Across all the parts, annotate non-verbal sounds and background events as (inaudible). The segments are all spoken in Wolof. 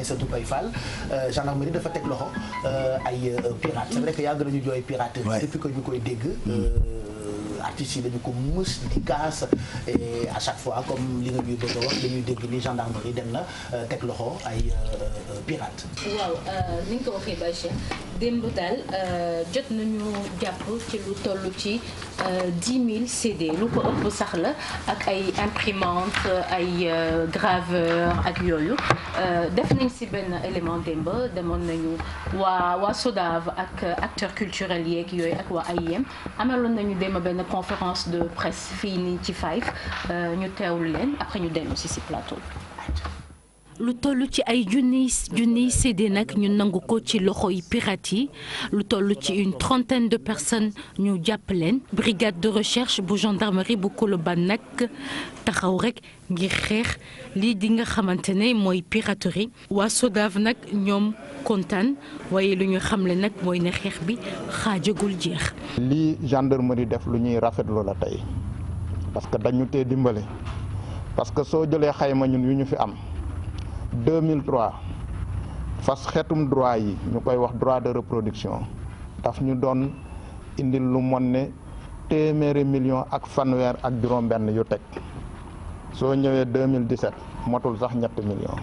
Aïssatou Mbaye Fall euh, gendarmerie dafa teg loxo euh, ay euh, pirate c'est vrai que yàgg nañu jooy pirate depuis que ñu koy dégg mm. artistes yi dañu ko mës di kaas et à chaque fois comme li nga ñuy bëgg a wax dañuy dégg ni gendarmerie dem na teg loxo ay pirate waaw ko waxee Baye Cheikh démb daal euh, jot nañu jàpp ci lu toll ci euh, dix mille CD lu ko ëpp sax la ak ay imprimante ay euh, graveur ak yooyu def nañ si benn élément démb demoon nañu waa waa SODAV ak acteurs culturels yeeg yooyu ak waa AIM amaloon nañu démb benn conférence de presse fii nii ci Five ñu teewul leen après ñu dellu si si plateau lu toll ci ay junniy junniy CD nag ñu nangu ko ci loxoy pirate yi lu toll ci une trentaine de personnes ñu jàpp leen brigade de recherche bu gendarmerie bu Colobane nag taxaw rek ngir xeex lii di nga xamante ne mooy piraterie waa SODAV nag ñoom kontaan waaye lu ñu xamle nag mooy ne xeex bi xaajagul jeex. lii gendarmerie def lu ñuy rafet la tey parce que dañu tee dimbale parce que soo jëlee xayma ñun yu ñu fi am. 2003 fas xeetum droit yi ñu koy wax droit de reproduction daf ñu doon indi lu mon ne téeméeri million ak fanweer ak juróom-benn yu teg soo ñëwee 2017 motul sax ñetti million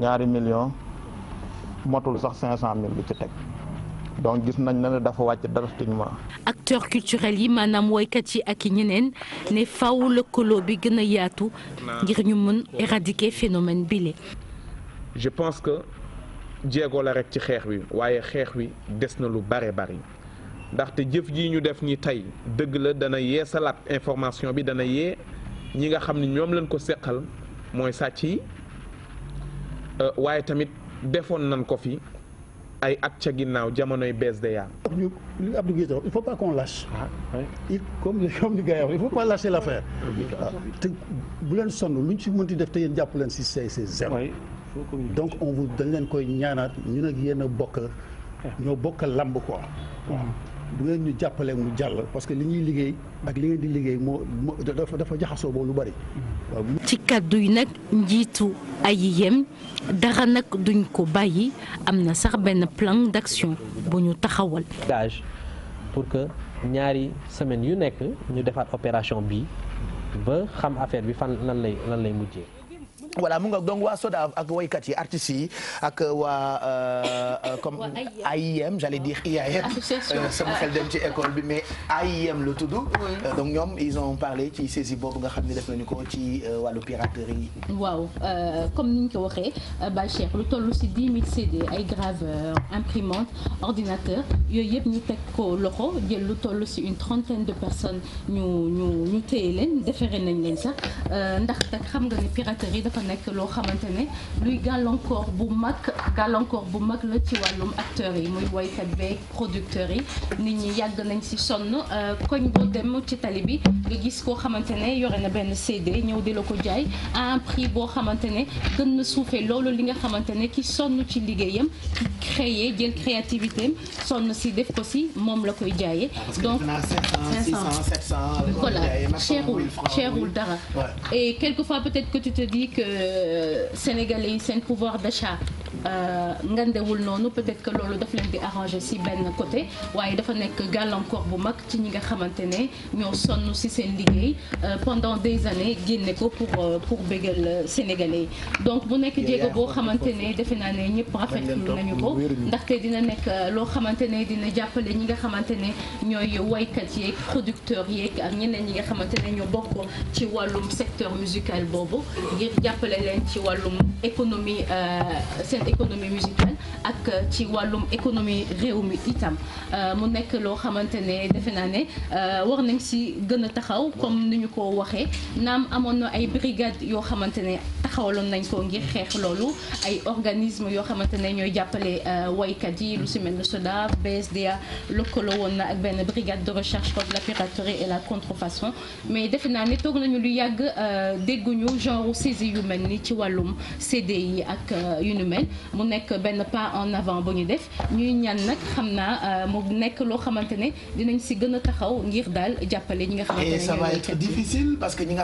ñaari million motul sax cinq cent mille bi ci teg donc gis nañ ne dafa wàcc drastiquement. acteurs culturels yi maanaam woykat yi ak yi ñeneen ne faaw lëkkaloo bi gën a yaatu ngir ñu mën éradiquer phénomène bile. je pense que jéego la rek ci xeex wi waaye xeex wi des na lu bare bari ndaxte jëf ji ñu def ni tey dëgg la dana yee salaat information bi dana yee ñi nga xam ne ñoom lañ ko seqal mooy sàcc yi euh, waaye tamit defoon nañ ko fi. ay at ca ginnaaw jamonoy bees de yaa. ñu li Abdou Guèye il faut pas qu'on lâche. Ah, il comme (laughs) comme ni il faut pas lâcher l'affaire. Ah, te bu leen sonn luñ ci mënti def te yéen jàpp leen si c'est c'est zéro. donc on vous dañ leen koy ñaanaat ñun ak yéen a bokk ñoo bokk lamb quoi. bu ngeen ñu jàppale mu jàll parce que li ñuy liggéey ak li ngeen di liggéey moo dafa dafa jaxasoo boobu lu bari. Mm. ci kaddu yi njiitu ay yem daxa nag duñ ko bàyyi am na sax benn plan d'action bu ñu taxawal. gage pour que ñaari semaine yu nekk ñu defaat opération bi ba xam affaire bi fan lan lay lan lay mujjee. voilà mu nga donc waa ak waykat yi artistes yi ak waa euh, euh, comme AIM (laughs) j'allais dire IAM ah, euh, sama xel dem ci école bi mais AIM lu tudd donc ñoom ils ont parlé ci saisie boobu nga xam ne def nañu ko ci wàllu piraterie yi waaw comme ni ñu ko waxee ba lu toll si dix mille CD ay graveur imprimante ordinateur yooyu yëpp ñu ko loxo jël lu toll si une trentaine de personnes ñu ñu ñu téye leen defaree nañ leen sax ndax nga ni piraterie nekk loo xamante ne luy gàllankoor bu mag gàllankoor bu mag la ci wàllum acteurs yi muy woykat beeg producteurs yi nit ñi yàgg nañ si sonn euh, koñ bu dem ci tali bi nga gis koo xamante ne yore na benn CD ñëw di la ko jaay à un prix boo xamante ne gën na suufee loolu li nga xamante ne ki sonn ci liggéeyam ki créer jël créativité am sonn si def ko si moom la koy jaaye ah, donc 500 700 voilà cherul cherul dara et quelquefois peut-être que tu te dis Euh, sénégalais yi seen pouvoir d'achat Euh, ngandewul noonu peut-être que loolu daf leen bi arranger si benn côté waaye dafa nekk gàllankoor bu mag ci ñi nga xamante ne ñoo sonn si seen liggéey euh, pendant des années génne ko pour euh, pour bégal sénégalais donc bu nekk jéego boo xamante ne defe naa ne ñëpp rafetlu nañu ko ndaxte dina nekk loo xamante ne dina jàppale ñi nga xamante ne ñooy waykat yeeg producteur yeeg ak ñeneen ñi nga xamante ne ñoo bokk ci wàllum secteur musical boobu ngir jàppale leen ci wàllum économie économie musicale ak euh, ci wàllum économie réew mi itam euh, mu nekk loo xamante ne defe naa ne euh, war nañ si gën a taxaw comme ni ñu ko waxee naam amoon na ay brigade yoo xamante ne taxawaloon nañ ko ngir xeex loolu ay organisme yoo xamante ne ñooy jàppale euh, waykat yi lu si mel ni SODAV BSDA lëkkaloo woon na ak benn brigade de recherche contre la piraterie et la contrefaçon mais defe naa ne toog nañu lu yàgg euh, ñu genre saisie yu mel ni ci wàllum CDI ak euh, yu nu mel mu nekk benn pas en avant bu ñu def ñuy ñan nag xam na mu nekk loo xamante ne dinañ si taxaw ngir daal jàppale ñi nga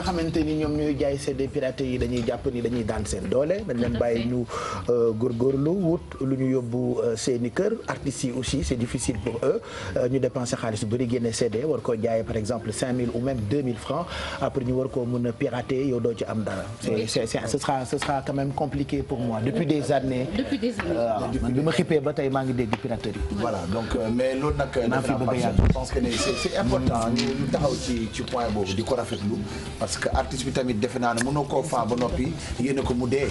xamante ni ñoom ñooy jaay CD piraté yi dañuy jàpp ni yi dañuy daan seen doole dañ leen bàyyi ñu euh, góorgóorlu wut lu ñu yóbbu euh, seen i kër artistes yi aussi c'est difficile pour eux euh, ñu dépenser xaalis bu bëri génne war koo jaayee par exemple 5000 ou même 2000 francs après ñu war koo mën a pirater yow doo ci am dara c'est ce sera compliqué pour moi depuis des années depuis ah, ma xippee ba tey maa ngi dégg piraterie voilà donc mais loolu nag naa fi bëgg a yàgg je pense que c'est important mm. ci ci point boobu di ko rafetlu parce que artiste bi tamit defe naa ne mënoo koo faa ba noppi yéene ko mu dee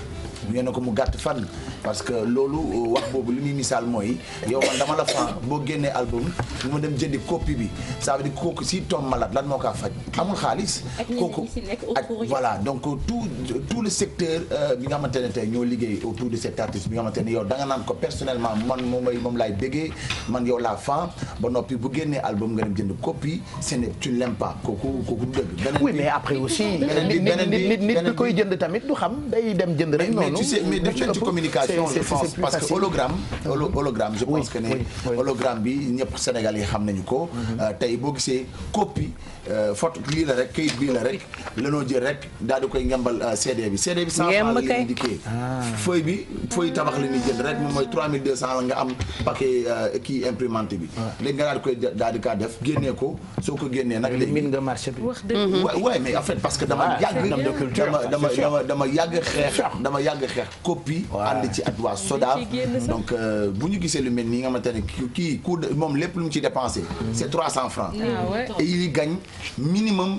yéene ko mu gàtt fan parce que loolu euh, wax boobu lu muy misaal mooy yow man dama la fan boo génnee album lu ma dem jëndi copie bi ça veut si tombe malade lan moo kaa faj amul xaalis kooku ak voilà donc tout tout le secteur euh, bi nga xamante ne tey ñoo liggéey autour de cet nga xamante ne yow da nga naan ko personnellement ba noppi bu génnee album nga dem jënd copie ce n'est tu l'aimes pas kooku kooku du dëgg beneen bi mais nit nit koy jënd tamit du xam hologramme day dem jënd rek. noonu mais tu sais mais def nañ ci communication. je pense parce que hologramme. Mhm. hologramme je que ne. hologramme bi ñëpp Sénégal yi xam nañu ko. Mhm. Euh, tey boo gisee copie photo euh, lii la rek kayit bii la rek lanoo jël rek daal koy ngembal euh, CD bi. CD bi 100 francs la ñuy indiqué. Ah. feuille bi feuille tabax la ñuy jënd rek moom mooy 3200 nga am paquet kii imprimante bi. léegi nga daal di koy daal kaa def génnee ko soo ko génnee nag. léegi min nga marché bi. wax mais en parce que dama yàgg. dama dama dama yàgg xeex dama yàgg xeex copie ànd ci at waa SODAV donc euh, bu ñu gisee lu mel nii nga xamante ne kii ku moom lépp ci dépensé c'est trois cent francs ah et il gagne minimum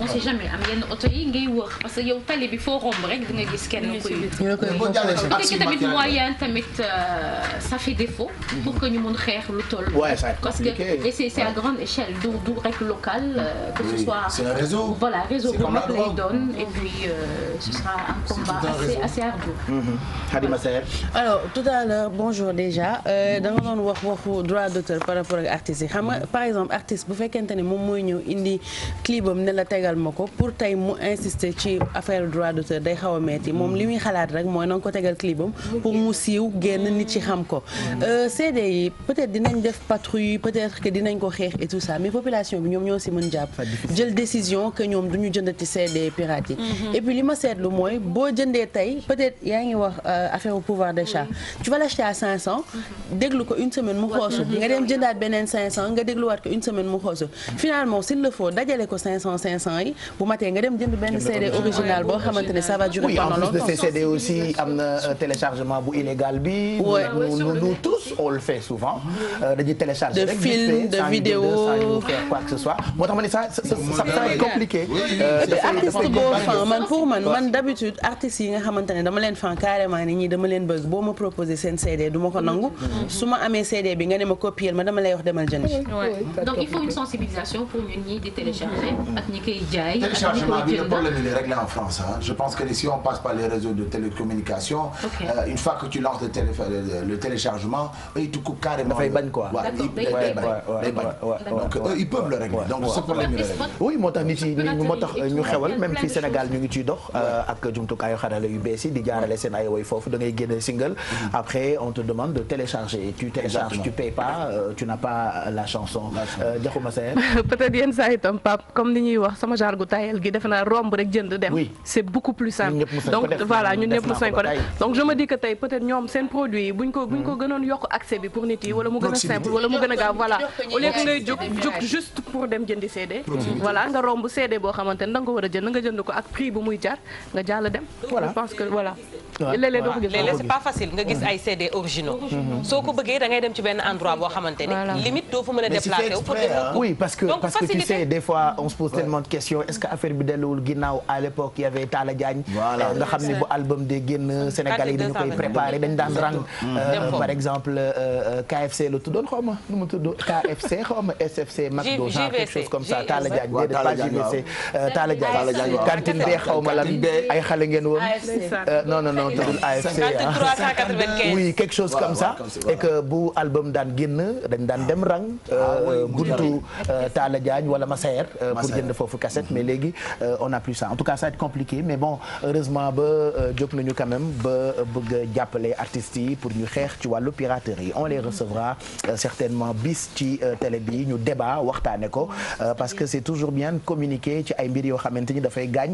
on sait jamais am ah, yenn oto yi ngay wër parce que yow tali bi foo romb rek di nga gis kenn kuy. boo jàllee si parce que tamit moyen tamit euh, ça fait défaut. pour que ñu mun xeex lu toll. parce que c'est à grande échelle du du rek local. Euh, que ce soit c'est un réseau. voilà réseau bu mag lay doon et puis euh, ce sera un combat assez assez ardu. Mm-hmm. Hadima Seyer. alors tout à l'heure bonjour déjà da nga doon wax waxu droit d'auteur par rapport ak artistes yi xam nga par exemple artiste bu fekkente ne moom mooy ñëw indi clip am ne la teg. tegal ma ko pour tey mu insister ci affaire droit d'auteur day xaw a metti moom li muy xalaat rek mooy na ko tegal clipam pour mu siiw génn nit ci xam ko euh, CD yi peut-être dinañ def patrouille peut-être que dinañ ko xeex et tout ça mais population bi ñoom ñoo si mën jàpp jël décision que ñoom du ñu jëndati CD pirate yi mhm. et li ma seetlu mooy boo jëndee tey peut-être yaa ngi wax euh, affaire au pouvoir d'achat tu vas l'acheter à 500 mhm. déglu ko une semaine mu xoosu mhm. parents yi bu matee nga dem jënd benn CD original boo xamante ne ça va durer pendant longtemps. oui de ces CD am na euh, téléchargement bu illégal bi. nous nous nous tous on le fait souvent. Euh, dañuy télécharger rek de film de vidéo quoi que ce soit moo tax ma ne ça ça ça va euh, boo fan man pour man man d'habitude artistes yi nga xamante ne dama leen fan carrément ni ñii dama leen bëgg boo ma proposé seen CD du ma ko nangu. su ma amee CD bi nga ne ma copier ma dama lay wax demal jënd. donc jaay. téléchargement bi le problème il est réglé en France ah je pense que si on passe par les réseaux de télécommunication. Okay. Euh, que le télé euh, le téléchargement quoi day peuvent le régler oui moo tax nit yi moo tax ñu xewal même Sénégal ñu ngi ciy dox euh, ak jumtukaayu xarala yu bees yi di jaarale seen ay woy foofu da ngay génne single mm-hmm. après on te demande de télécharger tu télécharges tu payes pas euh, tu n'as pas la chanson. Diakhou Massène (laughs) peut-être yenn saa itam Pape comme ni ñuy wax sama sama gu tayel gi defe naa romb rek jënd dem c'est beaucoup plus simple donc voilà ñun tey peut-être ñoom seen produit yi buñ ko hmm. gënoon yokk accès bi pour nit yi hmm. wala mu gën a simple wala mu gën a gaaw voilà au lieu ngay jóg juste pour dem jëndi CD hmm. voilà nga romb CD boo xamante ne da war a jënd nga jënd ko ak prix bu muy jar nga jàll dem je que voilà léeg doo ko gis ay CD originaux soo ko bëggee da dem ci benn endroit boo xamante question est-ce que affaire bi delluwul ginnaaw à l'époque y avait Talla euh, nga xam ne bu album de génn Sénégal yi dañu koy préparé dañ daan rang euh, par exemple euh, KFC lu tuddoon xaw ma nu mu tudd KFC xaw ma SFC McDo genre quelque chose comme ça Talla Diagne déedéet pas ma lan ay xale ngeen woon no non non tuddul AFC ah. oui quelque chose comme ça et que bu album daan génn dañ daan dem rang ah buntu Talla Diagne wala Massaer pour jënd foofu kas 7 mais léegi euh, on a plus ça en tout cas mais bon heureusement ba euh, jóg nañu quand même ba euh, bëgg a jàppale yi pour ñu xeex ci wàllu piraterie on les recevra certainement bis ci télé bi ñu débat waxtaane ko parce que c'est toujours bien de ci ay mbir yoo xamante ni dafay gaañ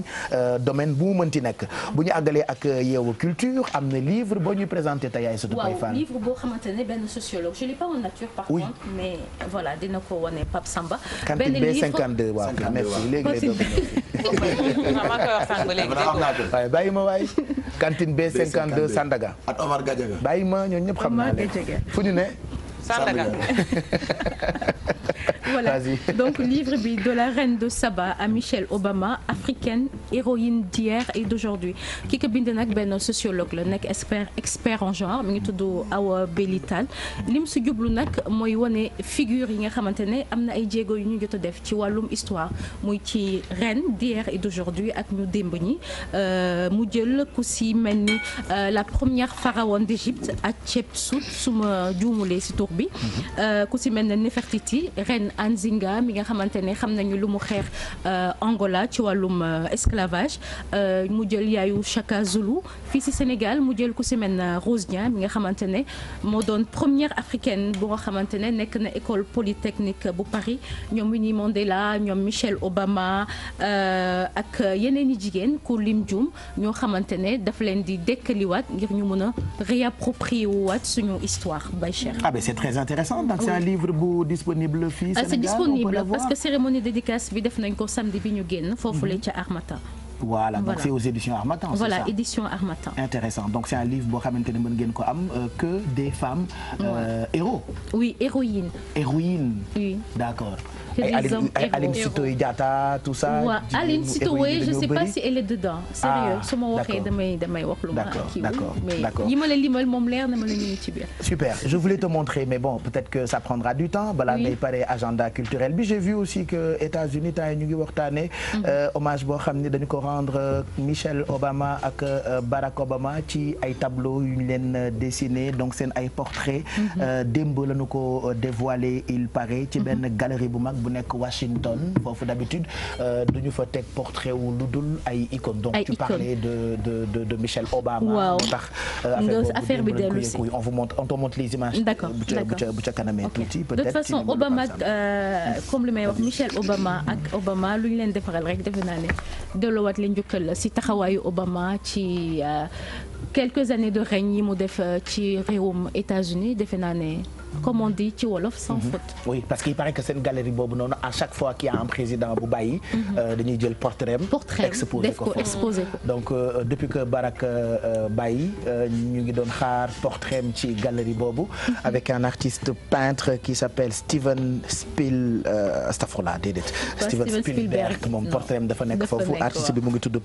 domaine bu mu mënti nekk bu ñu àggalee ak yeewu culture am na livre boo ñu présenté tey ay livre boo xamante ne benn sociologue je mais voilà dina ko wane Pape Samba benn léegi (laughs) waaye bàyyi ma waay cantine B52 Sandaga at Omar Gadiaga bàyyi ma ñooñu ñëpp xam naa leen fu ñu ne Sandaga (laughs) voilà (laughs) donc livre bi de la reine de Saba à Michelle Obama africaine héroïne d'hier et d'aujourd'hui ki ko nag benn sociologue la nekk expert expert en genre mi ngi tudd Awa Belital lim su jublu nag mooy wane figure yi nga xamante ne am na ay jéego yu ñu jot a def ci wàllum histoire muy ci ren d'hier et d'aujourd'hui ak ñu démb ñi euh, mu jël ku si mel ni euh, la première pharaon d'Égypte ak Hatshepsut suma juumulee si tur bi mhm. euh, ku si mel Nefertiti reine Anzinga mi nga xamante ne xam nañu lu mu xeex euh, Angola ci wàllum euh, esclavage euh, mu jël yaayu Chaka Zulu fii si Sénégal mu jël ku si mel ne mi nga xamante ne moo doon première africaine bu nga xamante ne nekk na école polytechnique bu Paris ñoom Winnie Mandela ñoom Michelle Obama ak yeneen yi jigéen ku lim jum ñoo xamante ne daf leen di dekkaliwaat ngir ñu mën a réapproprier waat suñu histoire Baye Cheikh. ah ben c'est très intéressant donc c'est un livre bu disponible fii. Ah, c'est disponible parce que cérémonie dédicace bi def nañ ko samedi bi ñu génn foofule mhm. ca Armata voilà donc c'est aux éditions Harmattan intéressant donc c'est un livre boo xamante ne mën ngeen ko am euh, que des femmes euh, héros oui héroïnes héroïnes d'accord ay Aline Sitoé Diatta tout ça. waaw Aline Sitoé je sais pas si elle est dedans. sérieux ah, su ma waxee damay wax lu ma kii mais moom leer na ma la ñuy ci biir. super je voulais te montrer mais bon peut-être que ça prendra du temps. balaa ngay paree agenda culturel bi j'ai vu aussi que États-Unis temps yi ñu ngi waxtaanee. Mhm. Euh, hommage boo xam ne dañu ko rendre euh, Michelle Obama ak euh, Barack Obama ci a tableaux yu ñu leen dessiné donc seen ay portraits. Mhm. démb lañu ko dévoilé il paraît ci mhm. benn galerie bu mag. bu nekk Washington foofu d'habitude euh, duñu fa teg portrait wu lu dul ay icône donc tu parlais de de de de Michelle Obama. waaw ndax euh, affaire bi dellu si on vous montre on te montre les images. d'accord d'accord bu ca kanamee tuuti peut-être de toute façon Obama ak euh, comme li may wax Michelle Obama ak Obama lu ñu leen defaral rek defe naa ne delloowaat a njukkal si taxawaayu Obama ci. quelques années de règne yi mu def euh, ci réewum defe naa ne comme on dit ci wolof sans mm parce que il paraît que seen galerie boobu noonu à chaque fois qu'il y a un président bu bàyyi. Mhm. Euh, dañuy jël portrait am. portrait def ko exposé ko donc euh, depuis que Barack euh, euh bàyyi ñu ngi doon xaar portrait am ci galerie boobu. Mm -hmm. avec un artiste peintre qui s'appelle Steven Spiel euh, Stafrola déedéet. Steven Spielberg moom portrait am dafa nekk foofu artiste bi mu ngi tudd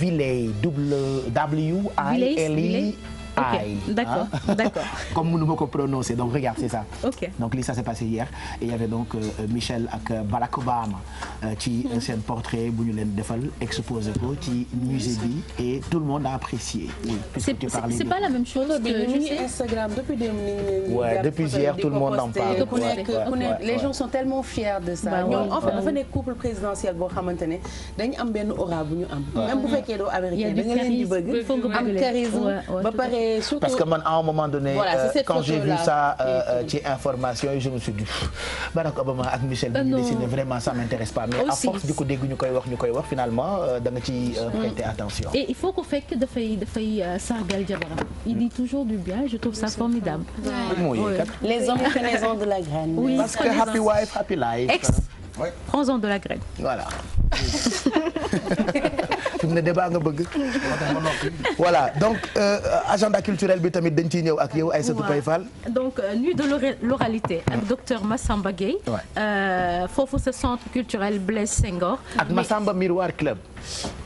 Villay double W I L e I Okay, d'accord, ah. d'accord. (laughs) Comme nous ne pouvons prononcer, donc regarde, c'est ça. Okay. Donc ça s'est passé hier. donc euh, Michel avec Barack Obama. Euh, ci seen portrait bu ñu leen defal exposé ko ci musée bi et tout le monde a apprécié. oui c'est pas la même chose. que Instagram depuis deux minutes. depuis hier tout le monde en parle. les gens sont tellement fiers de ça. ñoom en fait dafa nekk couple présidentiel boo xamante ne dañu am benn aura bu ñu am. même bu fekkee doo américain da nga leen di bëgg. am charisme ba pare surtout. parce que man à un moment donné. Euh, quand j'ai vu ça euh, ci information yi je me suis dit Barack Obama ak Michelle. Ah non vraiment ça m'intéresse pas. mais à force di ko dégg ñu koy wax ñu koy wax finalement euh, da ci euh, mm. prêter attention. et il faut que fekk dafay dafay euh, sargal jabaram. il dit toujours du bien je trouve ça formidable. les hommes prenaison (laughs) de la graine. oui parce que happy wife happy life. ex prends-en de la graine. (laughs) fi mu ne nga bëgg. voilà donc euh, agenda culturel bi tamit dañ ciy ñëw ak yow Aïssatou Paye Fall. donc euh, nuit de l'oralité ak docteur Massamba Gueye. Euh, foofu ce centre culturel Blaise Senghor. ak Massamba Miroir Club.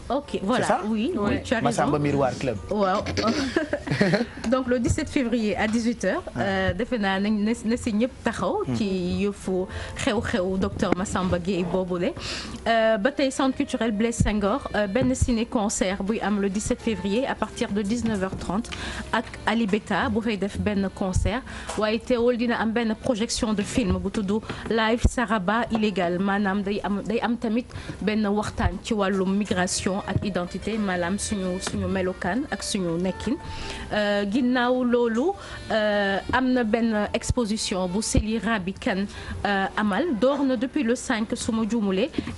ok voilà ça? oui oui tu as raison Massamba Miroir Club. (laughs) à 18 euh, defe naa nañ na si ñëpp taxaw. Hmm. ci yëfu xew-xew docteur Massamba Gueye boobule. Euh, ba tey centre culturel Blaise Senghor euh, benn ciné concert buy am le 17 février à partir de 19h30 ak Ali bu fay def benn concert waaye teewul dina am benn projection de film bu tudd live Saraba maanaam day am day am tamit benn migration ak identité maanaam suñu suñu melokaan ak suñu nekkin euh, ginnaaw loolu euh, am na benn exposition bu Sely Rabi euh, amal door na depuis le 5 su ma ñu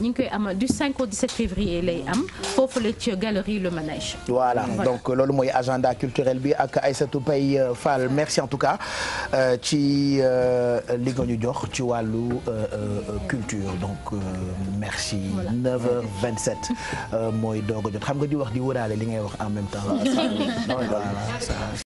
ngi koy amal du 5 au 17 février lay am foofu la ci galerie Le Manège. voilà donc loolu mooy agenda culturel bi ak Aïssatou Paye Fall merci en tout cas ci li nga jox ci wàllu culture donc Euh, mooy doog a jot xam nga di wax di wëraale li ngay wax en même temps. (laughs)